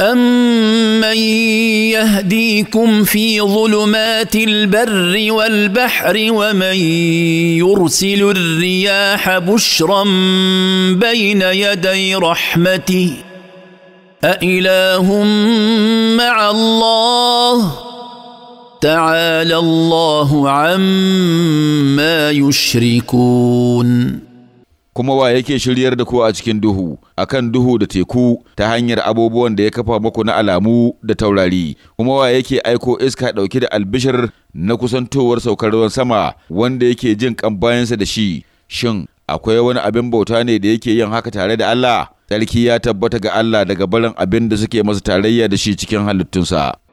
امن يهديكم في ظلمات البر والبحر ومن يرسل الرياح بشرا بين يدي رحمته أإله مع الله تعالى الله عما يشركون kuma wa yake shiryar da ku a cikin duhu akan duhu da teku ta hanyar abubuwan da ya kafa muku na alamu da taurari kuma wa yake aiko iska ɗauke da albishir na kusantowar saukar ruwan sama wanda yake jin kan bayansa da shi shin akwai wani abin bauta ne da yake yin haka tare da Allah Sarki ya tabbata ga Allah daga barin abin da suke masa tarayya da shi cikin halittunsa